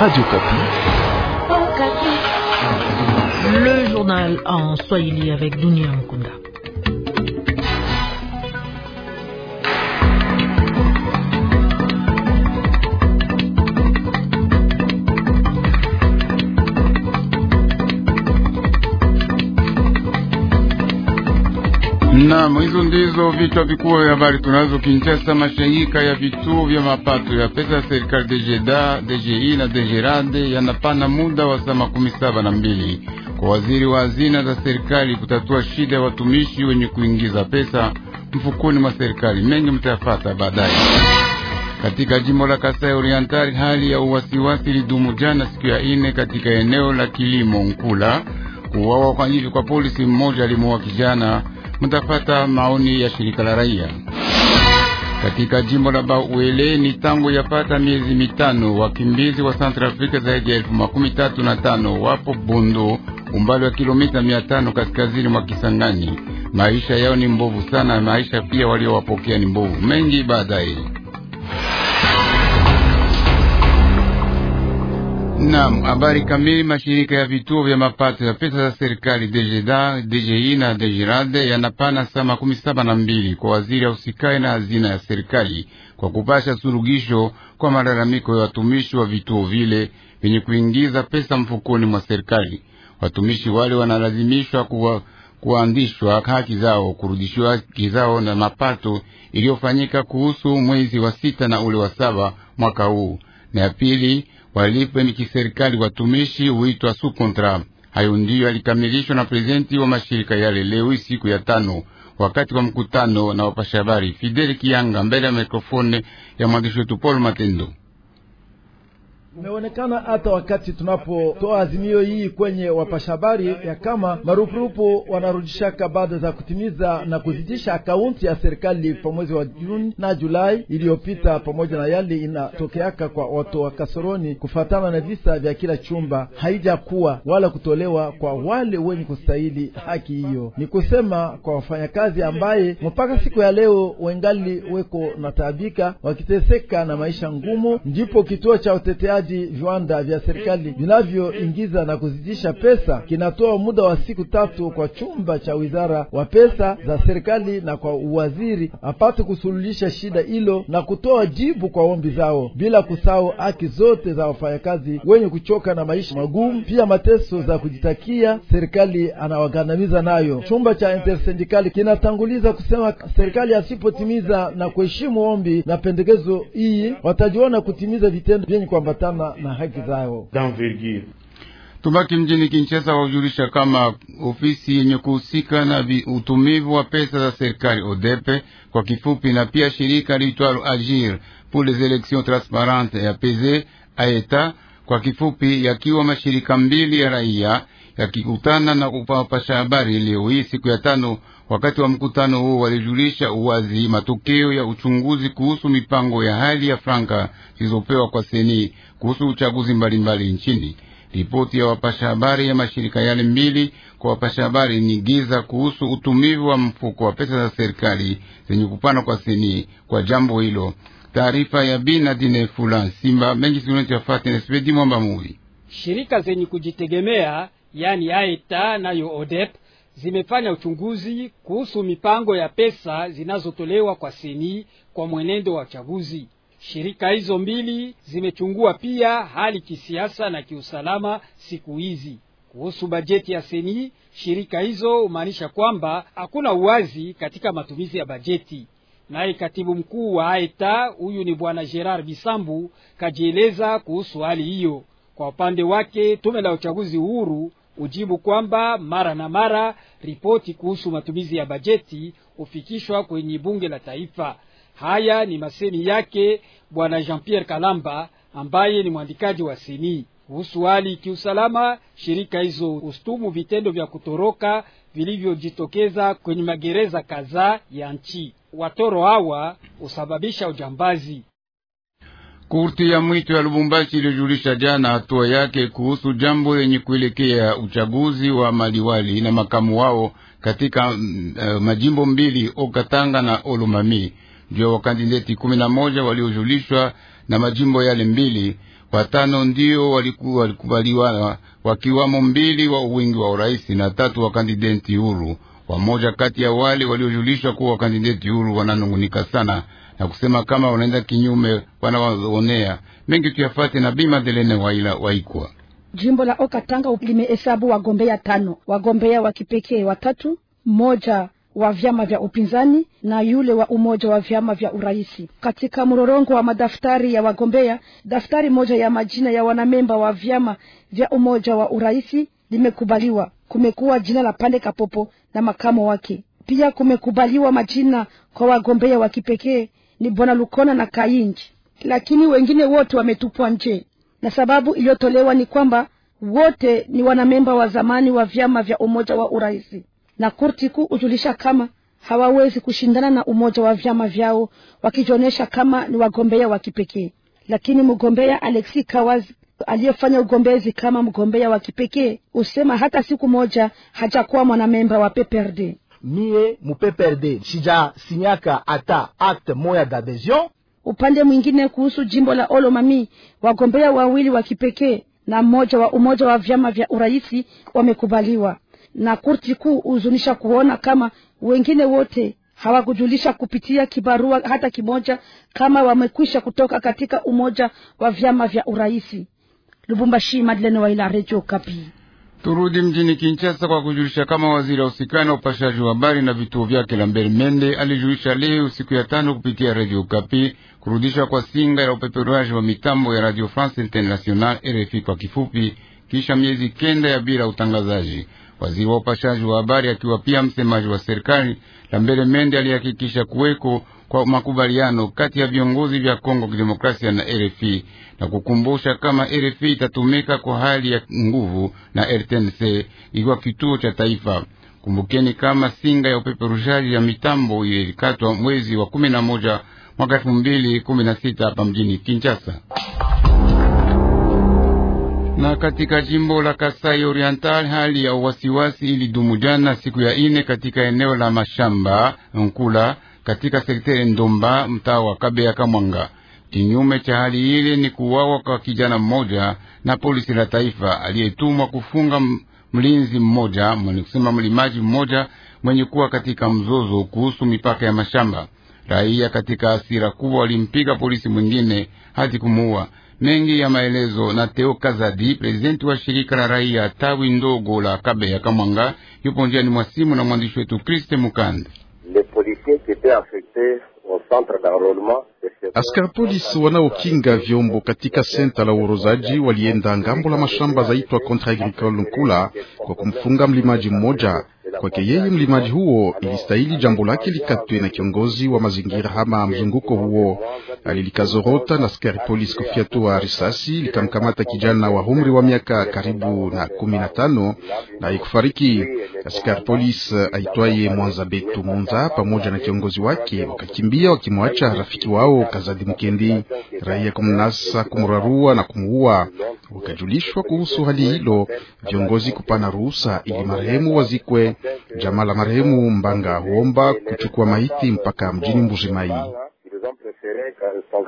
Radio Kapi. Le journal en Swahili avec Dunia Mkunda. Naam, hizo ndizo vichwa vikuu vya habari tunazo. Kinshasa, mashirika ya vituo vya mapato ya pesa ya serikali DGDA, DGI na DGRADE yanapana muda wa saa makumi saba na mbili kwa waziri wa hazina za serikali kutatua shida ya watumishi wenye kuingiza pesa mfukoni mwa serikali. Mengi mtayapata baadaye. Katika jimbo la Kasai Oriental, hali ya uwasiwasi lidumu jana siku ya ine katika eneo la kilimo Nkula. Kuwawa kwa polisi mmoja alimuua kijana mtapata maoni ya shirika la raia katika jimbo la Bauele ni tangu yapata miezi mitano wakimbizi wa Central Afrika zaidi ya elfu makumi tatu na tano wapo bundu umbali wa kilomita mia tano kaskazini mwa Kisangani. Maisha yao ni mbovu sana, maisha pia waliowapokea ni mbovu mengi. Baadaye Naam, habari kamili. Mashirika ya vituo vya mapato ya pesa za serikali DGDA, DGI na DGIRAD yanapana saa makumi saba na mbili kwa waziri ya usikai na hazina ya serikali kwa kupasha surugisho kwa malalamiko ya watumishi wa vituo vile vyenye kuingiza pesa mfukoni mwa serikali. Watumishi wale wanalazimishwa kuwa kuandishwa haki zao, kurudishiwa haki zao na mapato iliyofanyika kuhusu mwezi wa sita na ule wa saba mwaka huu na ya pili walipwe ni kiserikali watumishi huitwa sukontra. Hayo ndiyo yalikamilishwa na prezidenti wa mashirika yale leo siku ya tano wakati wa mkutano na wapashabari Fidel Kianga mbele ya mikrofone ya mwandishi wetu Paul Matendo. Imeonekana hata wakati tunapotoa azimio hii kwenye wapashabari ya kama marupurupu wanarudishaka baada za kutimiza na kuzidisha akaunti ya serikali kwa mwezi wa Juni na Julai iliyopita, pamoja na yale inatokeaka kwa watu wa kasoroni kufatana na visa vya kila chumba, haijakuwa wala kutolewa kwa wale wenye kustahili haki hiyo. Ni kusema kwa wafanyakazi ambaye mpaka siku ya leo wengali weko na taabika wakiteseka na maisha ngumu, ndipo kituo cha utetea hadi viwanda vya serikali vinavyoingiza na kuzidisha pesa kinatoa muda wa siku tatu kwa chumba cha wizara wa pesa za serikali na kwa uwaziri apate kusuluhisha shida hilo na kutoa jibu kwa ombi zao, bila kusahau haki zote za wafanyakazi wenye kuchoka na maisha magumu, pia mateso za kujitakia serikali anawagandamiza nayo. Chumba cha intersendikali kinatanguliza kusema serikali asipotimiza na kuheshimu ombi na pendekezo hii, watajiona kutimiza vitendo vyenye kuambatana kama mahaki zao. Tubaki mjini Kinshasa wajulisha kama ofisi yenye kuhusika na utumivu wa pesa za serikali ODEPE kwa kifupi, na pia shirika liitwalo Agir pour les elections transparentes ya PZ aeta kwa kifupi, yakiwa mashirika mbili ya raia yakikutana na kupapasha habari leo hii siku ya tano Wakati wa mkutano huo walijulisha uwazi matokeo ya uchunguzi kuhusu mipango ya hali ya franka zilizopewa kwa seni kuhusu uchaguzi mbalimbali mbali nchini. Ripoti ya wapasha habari ya mashirika yale mbili kwa wapasha habari ni giza kuhusu utumivu wa mfuko wa pesa za serikali zenye kupana kwa seni kwa jambo hilo. Taarifa ya Binadine Fulan Simba mengi Mwamba Mui. Shirika zenye kujitegemea yani AETA e nayo ODEP zimefanya uchunguzi kuhusu mipango ya pesa zinazotolewa kwa seni kwa mwenendo wa uchaguzi. Shirika hizo mbili zimechungua pia hali kisiasa na kiusalama siku hizi. Kuhusu bajeti ya seni, shirika hizo humaanisha kwamba hakuna uwazi katika matumizi ya bajeti. Naye katibu mkuu wa AETA, e huyu ni bwana Gerard Bisambu, kajieleza kuhusu hali hiyo. Kwa upande wake, tume la uchaguzi huru ujibu kwamba mara na mara ripoti kuhusu matumizi ya bajeti hufikishwa kwenye bunge la taifa. Haya ni masemi yake bwana Jean Pierre Kalamba ambaye ni mwandikaji wa seni kuhusu hali kiusalama. Shirika hizo hustumu vitendo vya kutoroka vilivyojitokeza kwenye magereza kadhaa ya nchi. Watoro hawa husababisha ujambazi. Kurti ya mwito ya Lubumbashi ilijulisha jana hatua yake kuhusu jambo lenye kuelekea uchaguzi wa maliwali na makamu wao katika uh, majimbo mbili Okatanga na Olomami. Ndio wakandideti kumi na moja waliojulishwa na majimbo yale mbili, watano ndio walikubaliwa wakiwamo mbili wa uwingi wa urais na tatu wakandideti huru Wamoja kati ya wale waliojulishwa kuwa kandideti huru wananungunika sana na kusema kama wanaenda kinyume, wanawaonea mengi. Tuyafate na bima delene Waila Waikwa. Jimbo la Okatanga limehesabu wagombea tano, wagombea wa kipekee watatu, mmoja wa vyama vya upinzani na yule wa umoja wa vyama vya uraisi. Katika mrorongo wa madaftari ya wagombea, daftari moja ya majina ya wanamemba wa vyama vya umoja wa uraisi limekubaliwa kumekuwa jina la Pande Kapopo na makamo wake. Pia kumekubaliwa majina kwa wagombea wa kipekee ni Bwana Lukona na kainji lakini wengine wote wametupwa nje, na sababu iliyotolewa ni kwamba wote ni wanamemba wa zamani wa vyama vya umoja wa urahisi na kurti kuu hujulisha kama hawawezi kushindana na umoja wa vyama vyao wakijionyesha kama ni wagombea wa kipekee. Lakini mgombea Alexi Kawazi aliyefanya ugombezi kama mgombea wa kipekee usema hata siku moja hajakuwa mwanamemba wa PPRD. Mie mu PPRD sija sinyaka ata acte moya d'adhesion. Upande mwingine kuhusu jimbo la Olomami, wagombea wawili wa kipekee na mmoja wa umoja wa vyama vya uraisi wamekubaliwa na kurti kuu. Huzunisha kuona kama wengine wote hawakujulisha kupitia kibarua hata kimoja kama wamekwisha kutoka katika umoja wa vyama vya uraisi. Lubumbashi, Madeleine Waila, Radio Okapi. Turudi mjini Kinshasa kwa kujulisha kama waziri wa usikani na upashaji wa habari na vituo vyake Lambert Mende alijulisha leo siku ya tano kupitia Radio Kapi kurudishwa kwa singa ya upeperuaji wa mitambo ya Radio France International RFI kwa kifupi, kisha miezi kenda ya bila utangazaji. Waziri wa upashaji wa habari akiwa pia msemaji wa serikali Lambele Mende alihakikisha kuweko kwa makubaliano kati ya viongozi vya Kongo Kidemokrasia na RFI na kukumbusha kama RFI itatumika kwa hali ya nguvu na RTNC ikiwa kituo cha taifa. Kumbukeni kama singa ya upeperushaji ya mitambo ile ilikatwa mwezi wa kumi na moja mwaka elfu mbili kumi na sita hapa mjini Kinshasa. Na katika jimbo la Kasai Oriental hali ya wasiwasi ilidumu jana siku ya ine katika eneo la mashamba Nkula katika sekta Ndomba mtaa wa Kabeya Kamwanga. Kinyume cha hali ile ni kuwawa kwa kijana mmoja na polisi la taifa aliyetumwa kufunga mlinzi mmoja mwenye kusema mlimaji mmoja mwenye kuwa katika mzozo kuhusu mipaka ya mashamba. Raia katika hasira kubwa walimpiga polisi mwingine hadi kumuua mengi ya maelezo na Teo Kazadi, prezidenti wa shirika la raia tawi ndogo la Kabeya Kamwanga, yupo njiani mwa simu na mwandishi wetu Kriste Mukanda. Askari polisi wanaokinga vyombo katika senta la uorozaji walienda ngambo la mashamba zaitwa Kontra Agricole Nkula kwa kumfunga mlimaji mmoja. Kwake yeye mlimaji huo ilistahili jambo lake likatwe na kiongozi wa mazingira hama mzunguko huo lilikazorota na askari polisi kufyatua risasi likamkamata kijana wa umri wa miaka karibu na kumi na tano na ikufariki. Askari polisi aitwaye Mwanza Betu Munza pamoja na kiongozi wake wakakimbia wakimwacha rafiki wao Kazadi Mkendi. Raia kumnasa, kumrarua na kumuua. Wakajulishwa kuhusu hali hilo viongozi kupana ruhusa ili marehemu wazikwe. Jamaa la marehemu Mbanga huomba kuchukua maiti mpaka mjini Mbujimai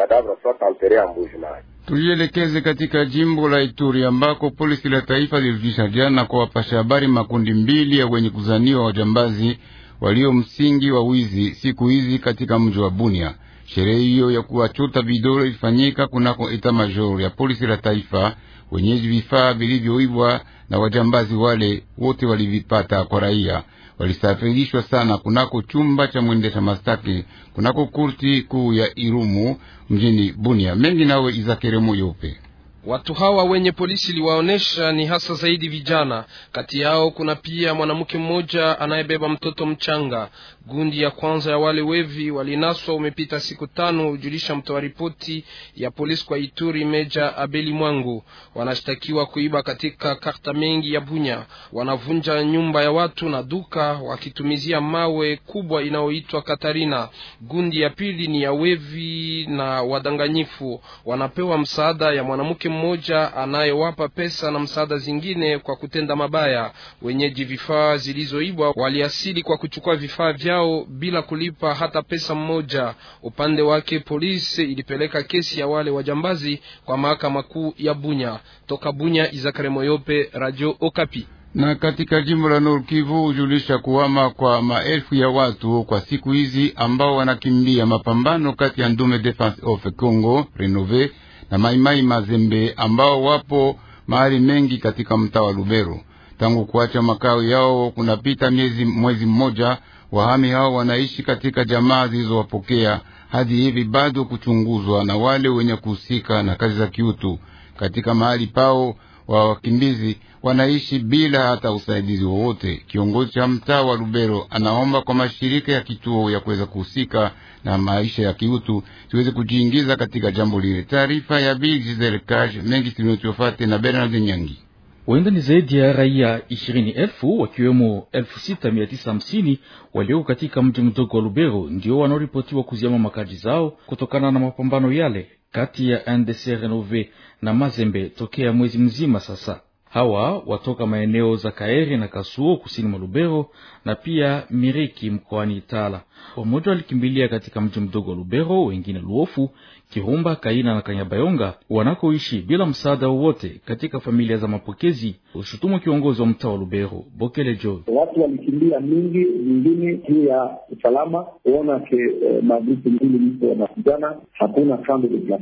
kadavra soit enterré en Mbujimai. Tuielekeze katika jimbo la Ituri ambako polisi la taifa lilijulisha jana kwa wapasha habari makundi mbili ya wenye kuzaniwa wajambazi walio msingi wa wizi siku hizi katika mji wa Bunia. Sherehe hiyo ya kuwachota vidole ilifanyika kunako eta major ya polisi la taifa wenyeji vifaa vilivyoibwa na wajambazi wale wote walivipata kwa raia. Walisafirishwa sana kunako chumba cha mwendesha mastaki kunako kurti kuu ya Irumu mjini Bunia. Mengi nawe Izakeremo Yope. Watu hawa wenye polisi liwaonyesha ni hasa zaidi vijana. Kati yao kuna pia mwanamke mmoja anayebeba mtoto mchanga. Gundi ya kwanza ya wale wevi walinaswa umepita siku tano, hujulisha mtoa ripoti ya polisi kwa Ituri, Meja Abeli Mwangu. Wanashtakiwa kuiba katika karta mengi ya Bunya, wanavunja nyumba ya watu na duka wakitumizia mawe kubwa inayoitwa Katarina. Gundi ya pili ni ya wevi na wadanganyifu, wanapewa msaada ya mwanamke mmoja anayewapa pesa na msaada zingine kwa kutenda mabaya. Wenyeji vifaa zilizoibwa waliasili kwa kuchukua vifaa vyao bila kulipa hata pesa mmoja. Upande wake polisi ilipeleka kesi ya wale wajambazi kwa mahakama kuu ya Bunya. Toka Bunya, Izakare Moyope, Radio Okapi. Na katika jimbo la Nord Kivu hujulisha kuhama kwa maelfu ya watu kwa siku hizi ambao wanakimbia mapambano kati ya Ndume Defense of Congo Renove na Maimai Mazembe ambao wapo mahali mengi katika mtaa wa Lubero. Tangu kuacha makao yao kunapita miezi mwezi mmoja, wahami hao wanaishi katika jamaa zilizowapokea hadi hivi bado kuchunguzwa na wale wenye kuhusika na kazi za kiutu katika mahali pao wa wakimbizi wanaishi bila hata usaidizi wowote. Kiongozi cha mtaa wa Lubero anaomba kwa mashirika ya kituo ya kuweza kuhusika na maisha ya kiutu siweze kujiingiza katika jambo lile. Taarifa ya Bi Giselle mengi silinotofate na Bernard Nyangi huenda ni zaidi ya raia ishirini elfu wakiwemo elfu sita mia tisa hamsini walioko katika mji mdogo wa Lubero ndio wanaoripotiwa kuziama makaji zao kutokana na mapambano yale kati ya NDC Renove na Mazembe tokea mwezi mzima sasa. Hawa watoka maeneo za Kaeri na Kasuo kusini mwa Lubero na pia Miriki mkoani Itala. Wamoja walikimbilia katika mji mdogo wa Lubero, wengine Luofu, Kirumba, Kaina na Kanyabayonga wanakoishi bila msaada wowote katika familia za mapokezi. Ushutumu kiongozi wa mtaa wa Lubero Bokele Jo, watu walikimbia mingi, vingine juu ya usalama, kuona ke eh, magrupu mbili mtu wanakujana, hakuna kambi de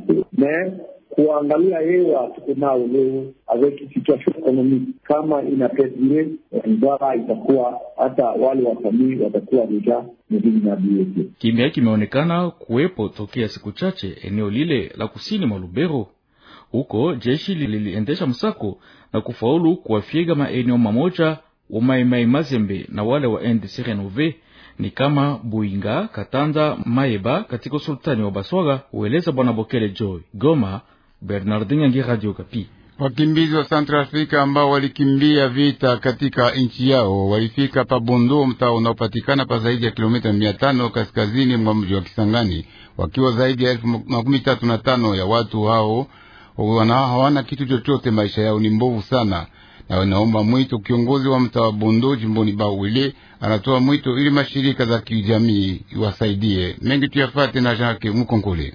kuangalia yeye nao leo avec situation ekonomiki kama ina pezile itakuwa hata wale watalii watakuwa vita mudininabi yetu. Kimya kimeonekana kuwepo tokea siku chache eneo lile la kusini mwa Lubero. Huko jeshi liliendesha msako na kufaulu kuwafyega maeneo mamoja wa Maimai Mazembe na wale wa NDC Renove ni kama Buinga, Katanda, Mayeba katika usultani wa Baswaga, ueleza Bwana Bokele Joy Goma. Bernardin Yangi, Radio Kapi. Wakimbizi wa Central ambao walikimbia vita katika nchi yao walifika pa mtaa unaopatikana pa zaidi ya kilomita mia tano kaskazini mwa mji wa Kisangani, wakiwa zaidi ya elfu makumi tatu na tano ya watu hao hawana kitu chochote. Maisha yao ni mbovu sana, na wanaomba mwito. Kiongozi wa mtaa wa Bondo jimboni Bawile anatoa mwito ili mashirika za kijamii iwasaidie. Mengi tuyafate na Jacques Mukonkole.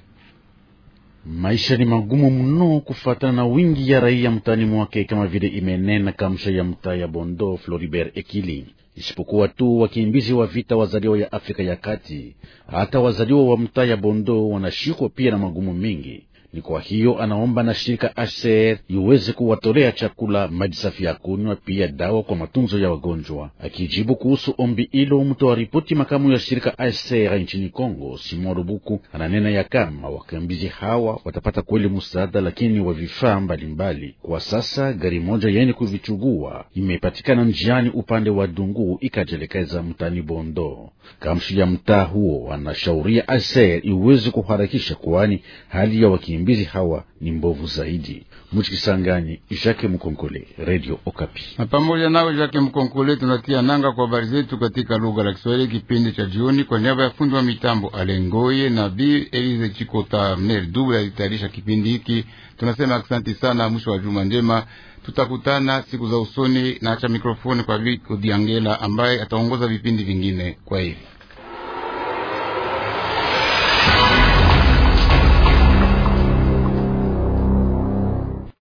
Maisha ni magumu mno kufatana na wingi ya raia mtaani mwake, kama vile imenena kamsha ya mtaa ya Bondo Floribert Ekili, isipokuwa tu wakimbizi wa vita wazaliwa ya Afrika ya Kati. Hata wazaliwa wa mtaa ya Bondo wanashikwa pia na magumu mengi. Ni kwa hiyo anaomba na shirika HCR iweze kuwatolea chakula, maji safi ya kunywa, pia dawa kwa matunzo ya wagonjwa. Akijibu kuhusu ombi hilo, mtoa ripoti makamu ya shirika HCR nchini Kongo Simon rubuku ananena ya kama wakimbizi hawa watapata kweli msaada, lakini wa vifaa mbalimbali. Kwa sasa gari moja yenye yaani kuvichugua imepatikana njiani upande wa Dungu ikajelekeza mtani Bondo. Kamshi ya mtaa huo anashauria HCR iweze kuharakisha, kwani hali ya wakimbizi wakimbizi hawa ni mbovu zaidi. Mchikisanganyi, Jacques Mkonkole, Radio Okapi. Pamoja nawe Jacques Mkonkole, tunatia nanga kwa habari zetu katika lugha la Kiswahili kipindi cha jioni, kwa niaba ya fundi wa mitambo Alengoye na b Elize Chikota Mner alitayarisha kipindi hiki. Tunasema asante sana, mwisho wa juma njema. Tutakutana siku za usoni. Naacha mikrofoni kwa vikodiangela ambaye ataongoza vipindi vingine kwa hivi